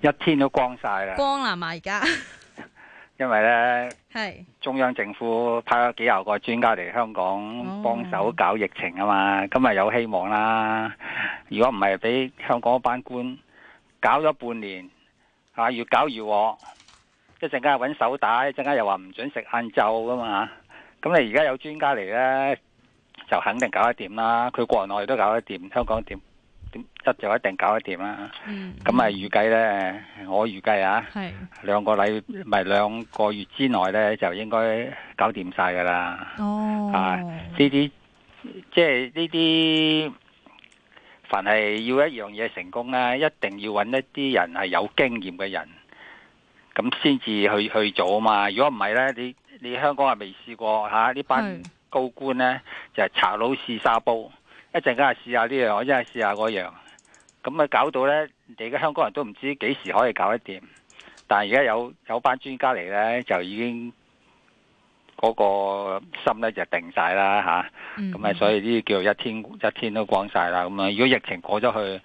一天都光晒啦，光啦嘛而家， 因為呢，是中央政府派咗幾廿個專家嚟香港幫手搞疫情啊嘛，咁咪、oh. 有希望啦。如果唔係，俾香港班官搞咗半年，啊越搞越鑊，一陣陣間揾手帶，陣間又話唔准食晏晝噶嘛。咁你而家有專家嚟呢，就肯定搞得掂啦。佢國內都搞得掂，香港點？執就一定搞得掂啦，咁咪預計呢？我預計啊，兩是個禮咪兩個月之內呢，就應該搞掂晒噶啦。哦，啊呢啲即係呢啲，凡係要一樣嘢成功呢、啊，一定要揾一啲人係有經驗嘅人，咁先至去去做啊嘛。如果唔係呢，你你香港係未試過吓呢、啊、班高官呢，是就係賊佬試沙煲。一陣間又試下呢樣，一陣間試下嗰樣，咁咪搞到呢，你嘅香港人都唔知幾時可以搞得掂。但係而家有有班專家嚟呢，就已經嗰個心呢就定晒啦吓。咁啊，嗯，所以呢啲叫做一天一天都光晒啦。咁啊，如果疫情過咗去，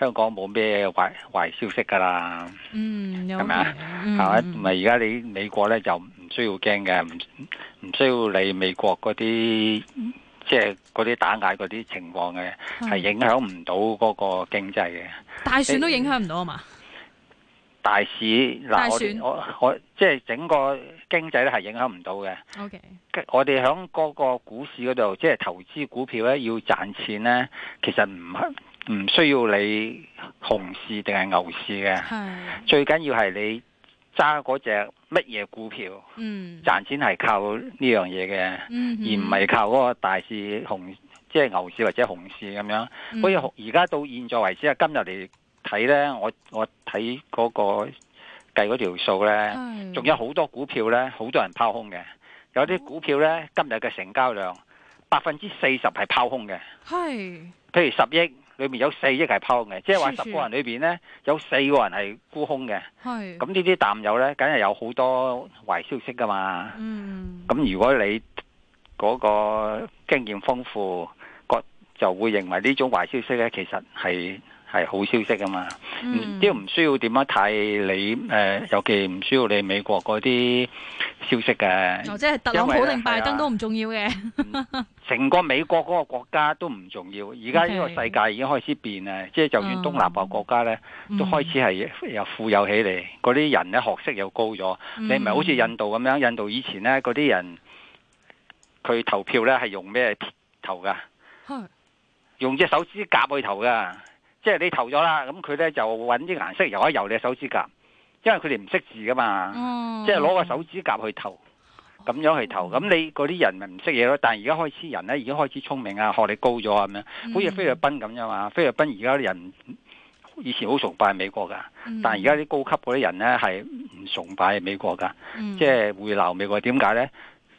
香港冇咩壞壞消息噶啦。嗯，係咪啊？係咪？而家你美國呢，就唔需要驚嘅，唔唔需要理美國嗰啲。即係嗰啲打壓嗰啲情況嘅，係影響唔到嗰個經濟嘅、嗯。大選都影響唔到啊嘛！大市嗱算，我我即係整個經濟咧係影響唔到嘅。OK，我哋喺嗰個股市嗰度，即係投資股票咧，要賺錢咧，其實唔係唔需要你熊市定係牛市嘅。係是最緊要係你。揸嗰隻乜嘢股票，賺錢係靠呢樣嘢嘅，mm hmm. 而唔係靠嗰個大市熊，即係牛市或者熊市咁樣。Mm hmm. 所以而家到現在為止啊，今日嚟睇咧，我我睇嗰個計嗰條數咧，仲的有好多股票咧，好多人拋空嘅。有啲股票咧，今日嘅成交量百分之四十係拋空嘅，係的譬如十億。裏面有四億係拋嘅，即係話十個人裏邊呢，屬屬啊、有四個人係沽空嘅。咁呢啲淡友呢，梗係有好多壞消息噶嘛。咁、嗯、如果你嗰個經驗豐富，就會認為呢種壞消息呢，其實係係好消息噶嘛。唔即唔需要點樣睇你誒、呃，尤其唔需要你美國嗰啲。消息嘅，即係特朗普定為拜登、啊、都唔重要嘅。成個美國嗰個國家都唔重要。而家呢個世界已經開始變啦，Okay. 即係就算東南亞國家咧，嗯、都開始係又富有起嚟。嗰啲人咧學識又高咗。嗯、你唔係好似印度咁樣，印度以前咧嗰啲人，佢投票咧係用咩投噶？ 用隻手指甲去投噶，即係你投咗啦，咁佢咧就揾啲顏色游一游你嘅手指甲。因為佢哋唔識字噶嘛，哦、即係攞個手指甲去投，咁樣去投。咁你嗰啲人咪唔識嘢咯？但係而家開始人咧，而家開始聰明啊，學歷高咗啊，咁樣、嗯。好似菲律賓咁樣嘛，菲律賓而家啲人以前好崇拜美國噶，嗯、但係而家啲高級嗰啲人咧係唔崇拜美國噶，嗯、即係會鬧美國。點解咧？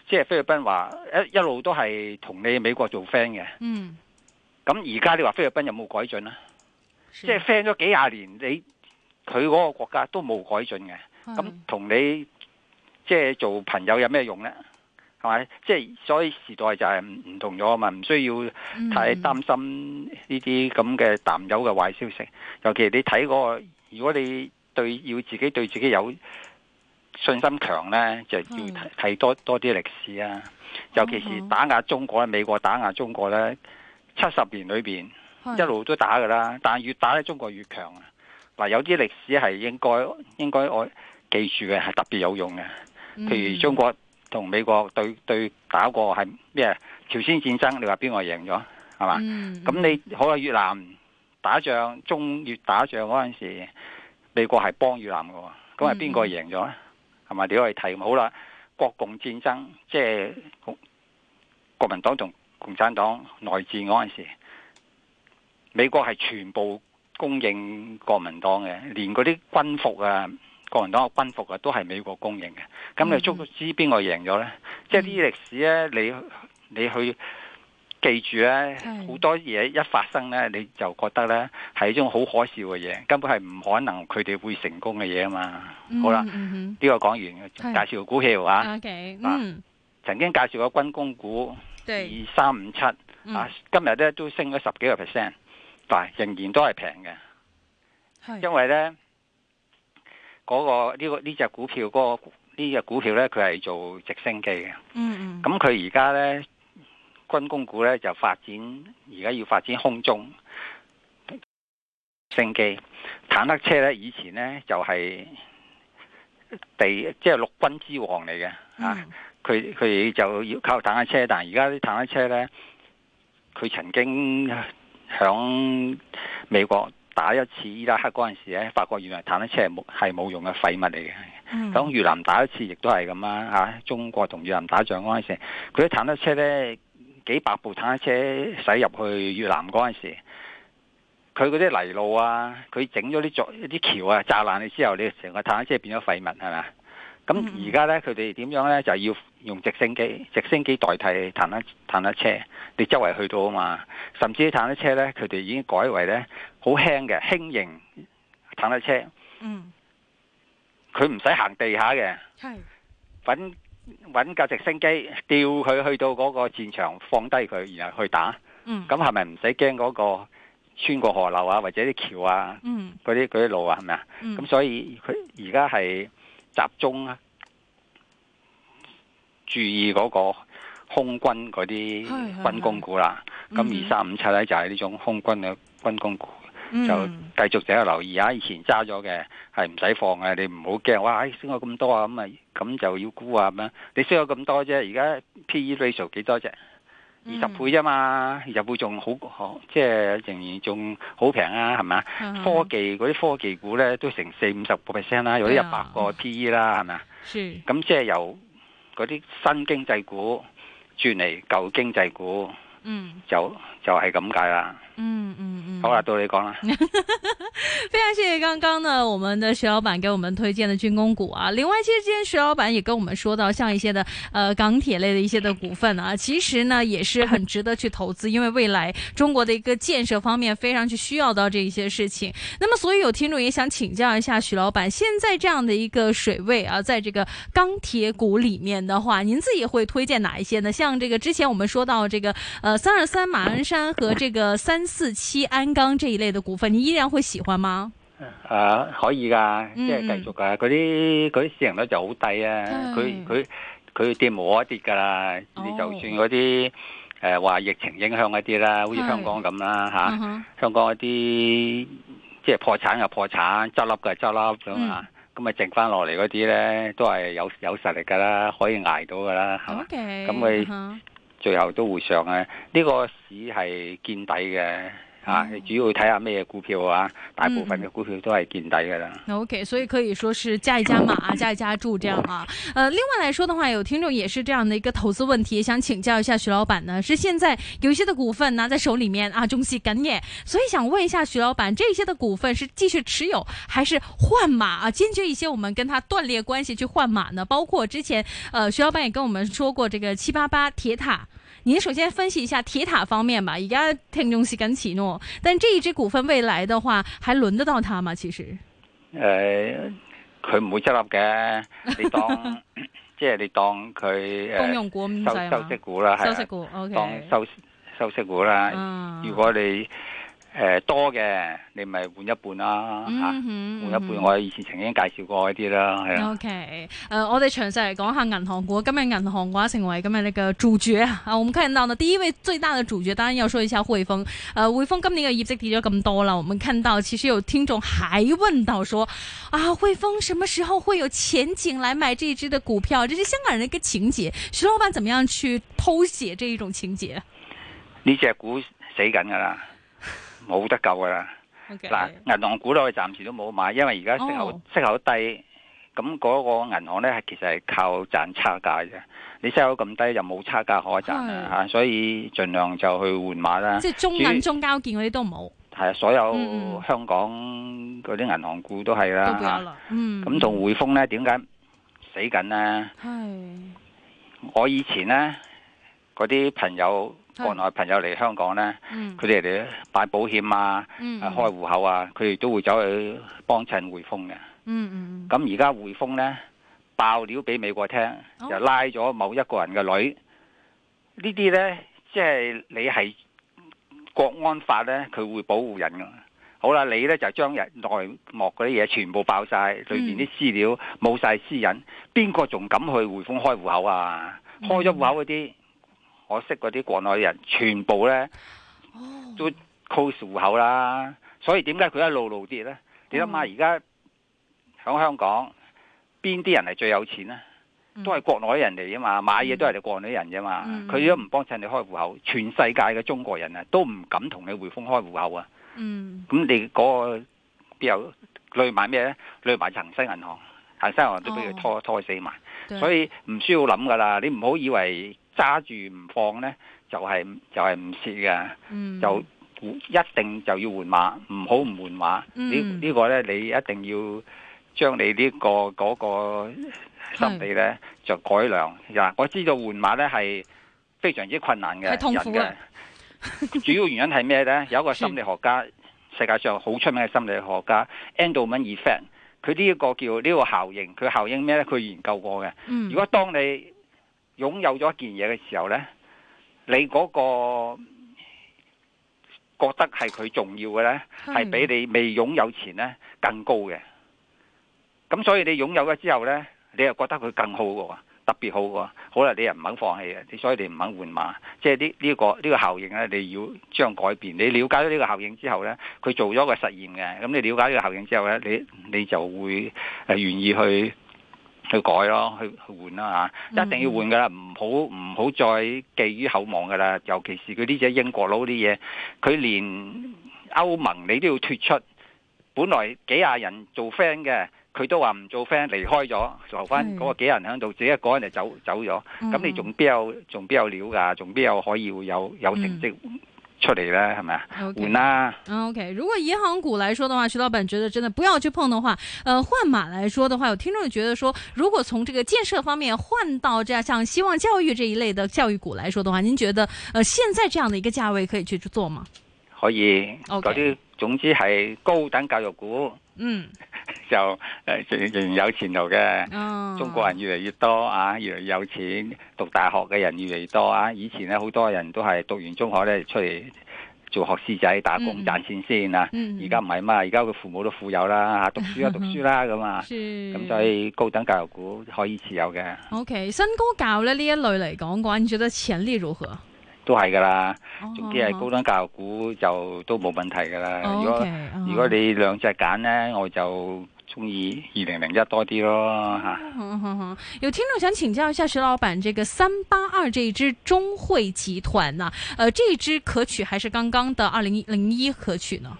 即係菲律賓話一一路都係同你美國做 friend 嘅。咁而家你話菲律賓有冇改進呀？的即係 friend 咗幾廿年你。佢嗰個國家都冇改進嘅，咁同你即係做朋友有咩用呢？係咪？即係所以時代就係唔同咗啊嘛，唔需要太擔心呢啲咁嘅淡友嘅壞消息。嗯、尤其你睇嗰個，如果你對要自己對自己有信心強呢，就要睇多多啲歷史啊。尤其是打壓中國，美國打壓中國呢，七十年裏面一路都打噶啦，但越打咧，中國越強啊！嗱，有啲歷史係應該應該我記住嘅，係特別有用嘅。譬如中國同美國對對打過係咩？朝鮮戰爭，你話邊個贏咗？係嘛？咁、嗯、你好啦，越南打仗中越打仗嗰陣時，美國係幫越南嘅，咁係邊個贏咗？係咪、嗯？你可以睇。好啦，國共戰爭即係、就是、國民黨同共產黨內戰嗰陣時，美國係全部，供應國民黨嘅，連嗰啲軍服啊，國民黨嘅軍服啊，都係美國供應嘅。咁你捉知邊個贏咗呢？Mm hmm. 即係呢啲歷史咧，你你去記住咧、啊，好、mm hmm. 多嘢一發生咧，你就覺得咧係一種好可笑嘅嘢，根本係唔可能佢哋會成功嘅嘢啊嘛。好啦，呢、mm hmm. 個講完，介紹股票啊，曾經介紹過軍工股二三五七啊，mm hmm. 今日咧都升咗十幾個 percent。但仍然都係平嘅，是因為咧、那個呢、這個呢隻、這個、股票、這個呢隻、這個、股票咧，佢係做直升機嘅。嗯，嗯，咁佢而家咧軍工股咧就發展，而家要發展空中，直升機、坦克車咧，以前咧就係、是、地，即、就、係、是、陸軍之王嚟嘅、嗯、啊！佢佢就要靠坦克車，但係而家啲坦克車咧，佢曾經。響美國打一次伊拉克嗰陣時咧，發覺原來坦克車係冇係冇用嘅廢物嚟嘅。咁、嗯、越南打一次亦都係咁啦吓。中國同越南打仗嗰陣時，佢啲坦克車咧幾百部坦克車駛入去越南嗰陣時，佢嗰啲泥路啊，佢整咗啲作啲橋啊，炸爛你之後，你成個坦克車變咗廢物係咪？是吧。咁而家咧，佢哋點樣咧？就要用直升機，直升機代替坦克坦克車，你周圍去到啊嘛。甚至啲坦克車咧，佢哋已經改為咧好輕嘅輕型坦克車。嗯，佢唔使行地下嘅，係揾揾架直升機吊佢去到嗰個戰場，放低佢然後去打。嗯，咁係咪唔使驚嗰個穿過河流啊，或者啲橋啊，嗰啲嗰啲路啊，係咪啊？嗯，咁所以佢而家係。集中啊！注意嗰個空軍嗰啲軍工股啦，咁二三五七咧就係呢種空軍嘅軍工股，就繼續仔留意下。以前揸咗嘅係唔使放嘅，你唔好驚哇升咗咁多啊！咁啊咁就要沽啊！咁樣，你升咗咁多啫，而家 PE ratio 幾多啫？二十倍啫嘛，又會仲好，即係仍然仲好平啊，係咪？Mm hmm. 科技嗰啲科技股咧都成四五十個 percent 啦，有啲一百個 PE 啦，係咪啊？咁、hmm. 即係由嗰啲新經濟股轉嚟舊經濟股，嗯、mm，hmm. 就。就係咁解啦。嗯嗯嗯，好啊，到你講啦。 非常謝謝剛剛呢，我們的徐老闆給我們推薦的軍工股啊。另外，其實之前徐老闆也跟我們說到，像一些的，呃，鋼鐵類的一些的股份啊，其實呢，也是很值得去投資，因為未來中國的一個建設方面非常去需要到這一些事情。那麼，所以有聽眾也想請教一下徐老闆，現在這樣的一個水位啊，在這個鋼鐵股裏面的話，您自己會推薦哪一些呢？像這個之前我們說到這個，呃，三二三馬鞍山。和這個三四七鞍鋼這一類的股份，你依然會喜歡嗎？啊、呃，可以噶，即係繼續噶。嗰啲啲市盈率就好低啊，佢佢佢跌冇一跌噶啦。哦、就算嗰啲誒話疫情影響一啲啦，好似香港咁啦吓，香港嗰啲即係破產又破產，執笠嘅執笠咁啊，咁咪、嗯、剩翻落嚟嗰啲呢，都係有有實力噶啦，可以挨到噶啦，咁咪 okay,、啊。最後都會上嘅、啊、呢、這個市係見底嘅。啊，主要睇下咩股票啊，大部分嘅股票都係見底噶啦。嗯、o、okay, K，所以可以說是加一加碼啊， 加一加注這樣啊。呃，另外來說的話，有聽眾也是這樣的一個投資問題，想請教一下徐老闆呢，是現在有一些的股份拿在手裏面啊，中氣干嘢，所以想問一下徐老闆，這些的股份是繼續持有，還是換馬啊？堅決一些，我們跟他斷裂關係去換馬呢？包括之前，呃，徐老闆也跟我們說過，這個七八八鐵塔。你首先分析一下鐵塔方面吧，而家聽用時間起諾，但這一支股份未來的話，還輪得到他嗎？其實，誒、呃，佢唔會執笠嘅， 你當即係你當佢、 呃、公用股咁樣，收息股啦，收息股，當收收息股啦，如果你。誒，多嘅，你咪換一半啦吓，換、嗯嗯、一半。我以前曾經介紹過一啲啦，係啦。O K，誒，我哋詳細嚟講下銀行股。今日銀行股成為今日呢個主角啊！我們看到呢，第一位最大嘅主角，當然要說一下匯豐。誒、呃，匯豐今年嘅業績跌咗咁多啦。我們看到其實有聽眾還問到說：啊，匯豐什麼時候會有前景來買這支嘅股票？這是香港人的一個情節。徐老闆，怎麼樣去偷寫這一種情節？呢隻股死緊噶啦。冇得救噶 Okay. 啦！嗱，銀行股我暫時都冇買，因為而家息口、oh. 息口低，咁嗰個銀行咧係其實係靠賺差價嘅。你息口咁低就冇差價可賺啦吓，所以盡量就去換馬啦。即係中銀、於中交建嗰啲都冇。係啊，所有香港嗰啲銀行股都係啦。咁同匯豐咧，點解死緊咧？係是。我以前咧，嗰啲朋友。國內朋友嚟香港呢，佢哋嚟辦保險啊，嗯嗯、開戶口啊，佢哋都會走去幫襯匯豐嘅。咁而家匯豐呢，爆料俾美國聽，嗯、就拉咗某一個人嘅女。呢啲、嗯、呢，即、就、係、是、你係國安法呢，佢會保護人噶。好啦，你呢就將日內幕嗰啲嘢全部爆晒，嗯、裏面啲私料冇晒私隱，邊個仲敢去匯豐開戶口啊？嗯、開咗戶口嗰啲？我識嗰啲國內人，全部咧都 close 戶口啦，所以點解佢一路路跌咧？Oh. 你諗下，而家喺香港邊啲人係最有錢咧？都係國內人嚟嘅嘛，買嘢都係你國內人嘅嘛。佢如果唔幫襯你開戶口，全世界嘅中國人啊，都唔敢同你匯豐開戶口啊。嗯、oh.，咁你嗰個邊有？類似買咩咧？類似恒生銀行，恒生銀行都俾佢拖、oh. 拖死埋，所以唔需要諗噶啦。你唔好以為。揸住唔放呢，就係就係唔蝕嘅，就，是嗯、就一定就要換馬，唔好唔換馬。呢呢、嗯這個呢，你一定要將你呢、這個嗰、那個心理呢，就改良。是我知道換馬呢係非常之困難嘅，痛苦嘅。主要原因係咩呢？有一個心理學家，是世界上好出名嘅心理學家，Endowment Effect，佢呢一個叫呢、這個效應，佢效應咩呢？佢研究過嘅。嗯、如果當你擁有咗一件嘢嘅時候咧，你嗰個覺得係佢重要嘅咧，係比你未擁有前咧更高嘅。咁所以你擁有咗之後咧，你又覺得佢更好嘅喎，特別好嘅喎。好啦，你又唔肯放棄嘅，所以你唔肯換馬。即係呢呢個呢個效應咧，你要將改變。你了解咗呢個效應之後咧，佢做咗個實驗嘅。咁你了解呢個效應之後咧，你你就會誒願意去。去改咯，去去換啦吓，一定要換噶啦，唔好唔好再寄予厚望噶啦。尤其是佢呢隻英國佬啲嘢，佢連歐盟你都要脫出。本來幾廿人做 friend 嘅，佢都話唔做 friend，離開咗，留翻嗰個幾廿人喺度，自己一個人就走走咗。咁你仲邊有仲邊有料噶？仲邊有可以會有有成績？出嚟咧，係咪啊？完啦。OK。如果銀行股來說的話，徐老闆覺得真的不要去碰的話，呃，換碼來說的話，有聽眾覺得說，如果從這個建設方面換到這樣，像希望教育這一類的教育股來說的話，您覺得，呃，現在這樣的一個價位可以去做嗎？可以。OK。嗰啲，總之係高等教育股。嗯。就誒仍然有前途嘅，中國人越嚟越多啊，越嚟越有錢，讀大學嘅人越嚟越多啊。以前咧好多人都係讀完中學咧，出嚟做學師仔打工賺錢先啊。而家唔係嘛，而家嘅父母都富有啦嚇，讀書啊讀書啦咁啊，咁所以高等教育股可以持有嘅。O K，新高教咧呢一類嚟講嘅話，你覺得潛力如何啊？都係㗎啦，總之係高等教育股就都冇問題㗎啦。如果如果你兩隻揀咧，我就。中意二零零一多啲咯吓，。 有聽眾想請教一下徐老闆，這個三八二這一支中匯集團啊，呃，這一支可取還是剛剛的二零零一可取呢？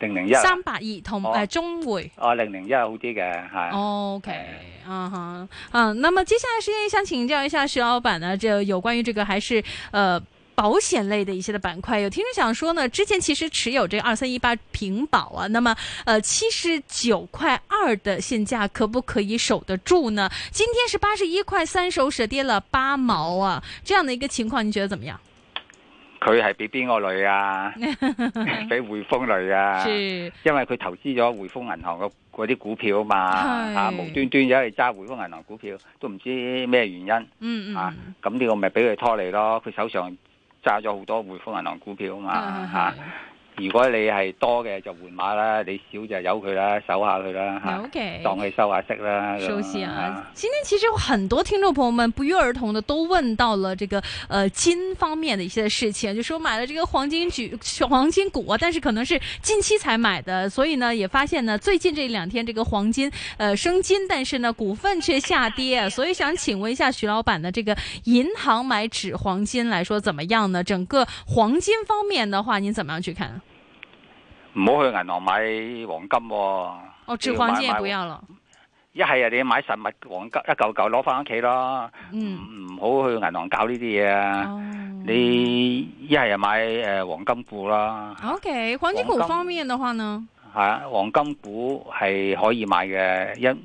零零一三八二同埋中匯哦，零零一好啲嘅係，OK，啊哈啊，uh huh. uh, 那麼接下來時間想請教一下徐老闆呢，就有關於這個還是誒。呃保險類的一些的板塊，有聽眾想說呢，之前其實持有這個二三一八平保啊，那麼呃七十九塊二的現價，可不可以守得住呢？今天是八十一塊三收市，跌了八毛啊，這樣的一個情況，你覺得怎麼樣？佢係俾邊個類啊？俾匯豐類啊？ 是因為佢投資咗匯豐銀行個嗰啲股票啊嘛，是啊無端端一係揸匯豐銀行股票，都唔知咩原因，嗯嗯，啊咁呢個咪俾佢拖累咯，佢手上。揸咗好多匯豐銀行股票嘛、uh, 啊嘛嚇！如果你係多嘅就換馬啦，你少就由佢啦，守下佢啦，OK、啊、當佢收下息啦。首先啊，啊今天其實有很多聽眾朋友們不約而同的都問到了這個，呃金方面的一些事情，就說買了這個黃金舉黃金股，啊，但是可能是近期才買的，所以呢也發現呢最近這兩天這個黃金，呃升金，但是呢股份卻下跌，所以想請問一下徐老闆呢，這個銀行買紙黃金來說怎麼樣呢？整個黃金方面的話，您怎麼樣去看？唔好去銀行買黃金。哦，紙黃金也不要啦。一係啊，你買實物黃金一嚿嚿攞翻屋企啦。嗯，唔好去銀行搞呢啲嘢啊。你一係啊買誒黃金股啦。OK，黃金股方面嘅話呢，係啊，黃金股係可以買嘅，因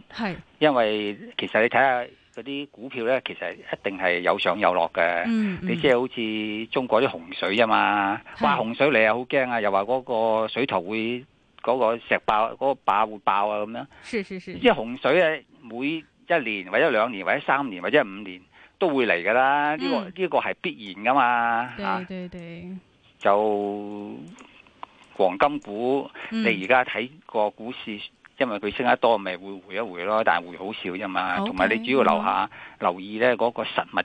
因為其實你睇下。嗰啲股票咧，其實一定係有上有落嘅。嗯嗯、你即係好似中國啲洪水啊嘛，話洪水你又好驚啊！是又話嗰個水壩會嗰、嗰個石爆，嗰、嗰個壩會爆啊咁樣。是是即係洪水咧，每一年或者兩年或者三年或者五年都會嚟噶啦。呢、嗯呢個呢、呢個係必然噶嘛嚇。對對,對、啊、就黃金股，嗯、你而家睇個股市。因為佢升得多，咪會回一回咯，但係回好少啫嘛。同埋你主要留下留意咧嗰個實物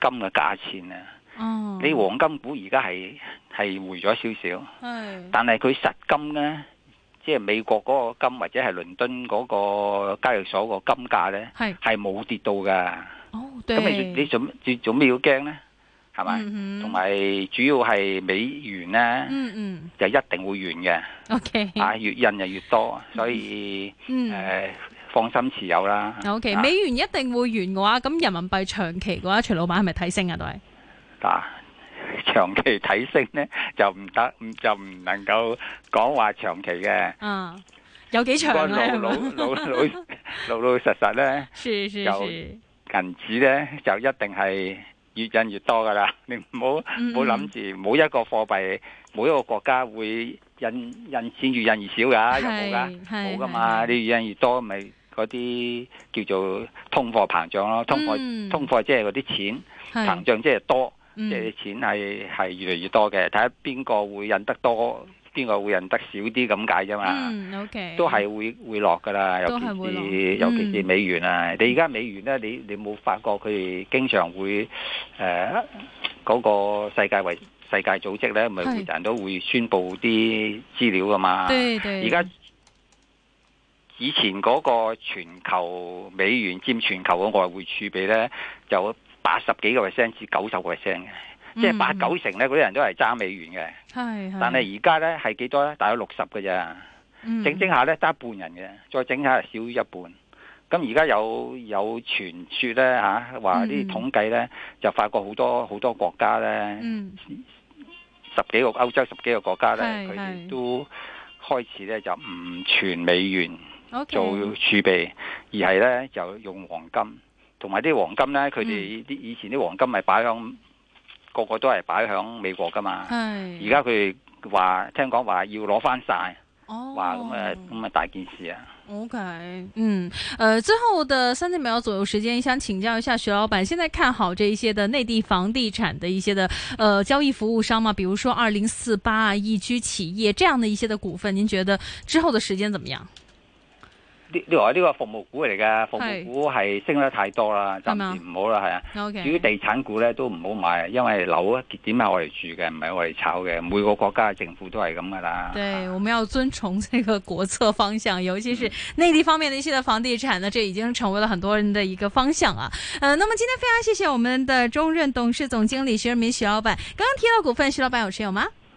金嘅價錢啊。哦，你黃金股而家係係回咗少少。嗯，但係佢實金咧，即係美國嗰個金或者係倫敦嗰個交易所個金價咧，係係冇跌到㗎。哦，對。咁你做你做做咩要驚咧？係嘛？同埋主要係美元咧，就一定會完嘅。O K，啊，越印就越多，所以誒，放心持有啦。O K，美元一定會完嘅話，咁人民幣長期嘅話，徐老闆係咪睇升啊？都係？嗱，長期睇升咧就唔得，就唔能夠講話長期嘅。啊，有幾長啊？老老老老老老實實咧，是是是，銀紙咧就一定係。越印越多噶啦，你唔好唔諗住，每一個貨幣，每一個國家會印印錢越印越少噶有冇噶是，冇噶的嘛，的你越印越多，咪嗰啲叫做通貨膨脹咯，通貨、嗯、通貨即係嗰啲錢的膨脹即係多，即係啲的錢係係越嚟越多嘅，睇下邊個會印得多。邊個會人得少啲咁解啫嘛？嗯、okay，都係會會落噶啦，尤其是，是尤其是美元啊！嗯、你而家美元咧，你你冇發覺佢哋經常會誒嗰、呃那個世界為世界組織咧，咪會是人都會宣佈啲資料噶嘛？而家對對對以前嗰個全球美元佔全球嘅外匯儲備咧，就八十幾個 percent 至九十個 percent 嘅。即係八九成咧，嗰啲，嗯、人都係揸美元嘅。係是，但係而家咧係幾多咧？大概六十嘅咋。嗯、整整下咧，得一半人嘅。再整，整下，少於一半。咁而家有有傳說咧嚇，話、啊、啲統計咧就發覺好多好多國家咧，嗯、十幾個歐洲十幾個國家咧，佢哋是都開始咧就唔存美元做儲備，Okay. 而係咧就用黃金。同埋啲黃金咧，佢哋啲以前啲黃金咪擺響。個個都係擺喺美國噶嘛，而家佢話聽講話要攞翻晒，話咁啊咁啊大件事啊。OK，嗯，誒、呃，最後的三十秒左右時間，想請教一下徐老闆，現在看好這一些的內地房地產的一些的，誒、呃、交易服務商嘛？比如說二零四八啊易居企業這樣的一些的股份，您覺得之後的時間怎麼樣？呢個呢個服務股嚟㗎，服務股係升得太多啦，暫是時唔好啦，係啊嗎？至於地產股咧，都唔好買，因為樓啊點啊，我哋住嘅，唔係我哋炒嘅。每個國家嘅政府都係咁噶啦。對，我們要遵從這個國策方向，尤其是內地方面的一些的房地產，呢，這已經成為了很多人的一個方向啊。嗯、呃，那麼今天非常謝謝我們的中任董事總經理徐仁民徐老闆。剛剛提到股份，徐老闆有持有嗎？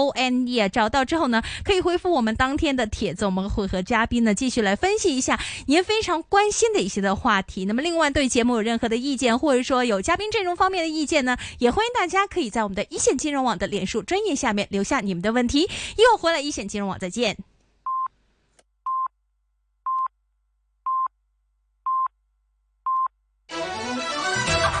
O N E 找到之後呢，可以回復我們當天的帖子，我們會和嘉賓呢繼續來分析一下您非常關心的一些的話題。那麼，另外對節目有任何的意見，或者說有嘉賓陣容方面的意見呢，也歡迎大家可以在我們的一線金融網的臉書專頁下面留下你們的問題。又回來一線金融網，再見。嗯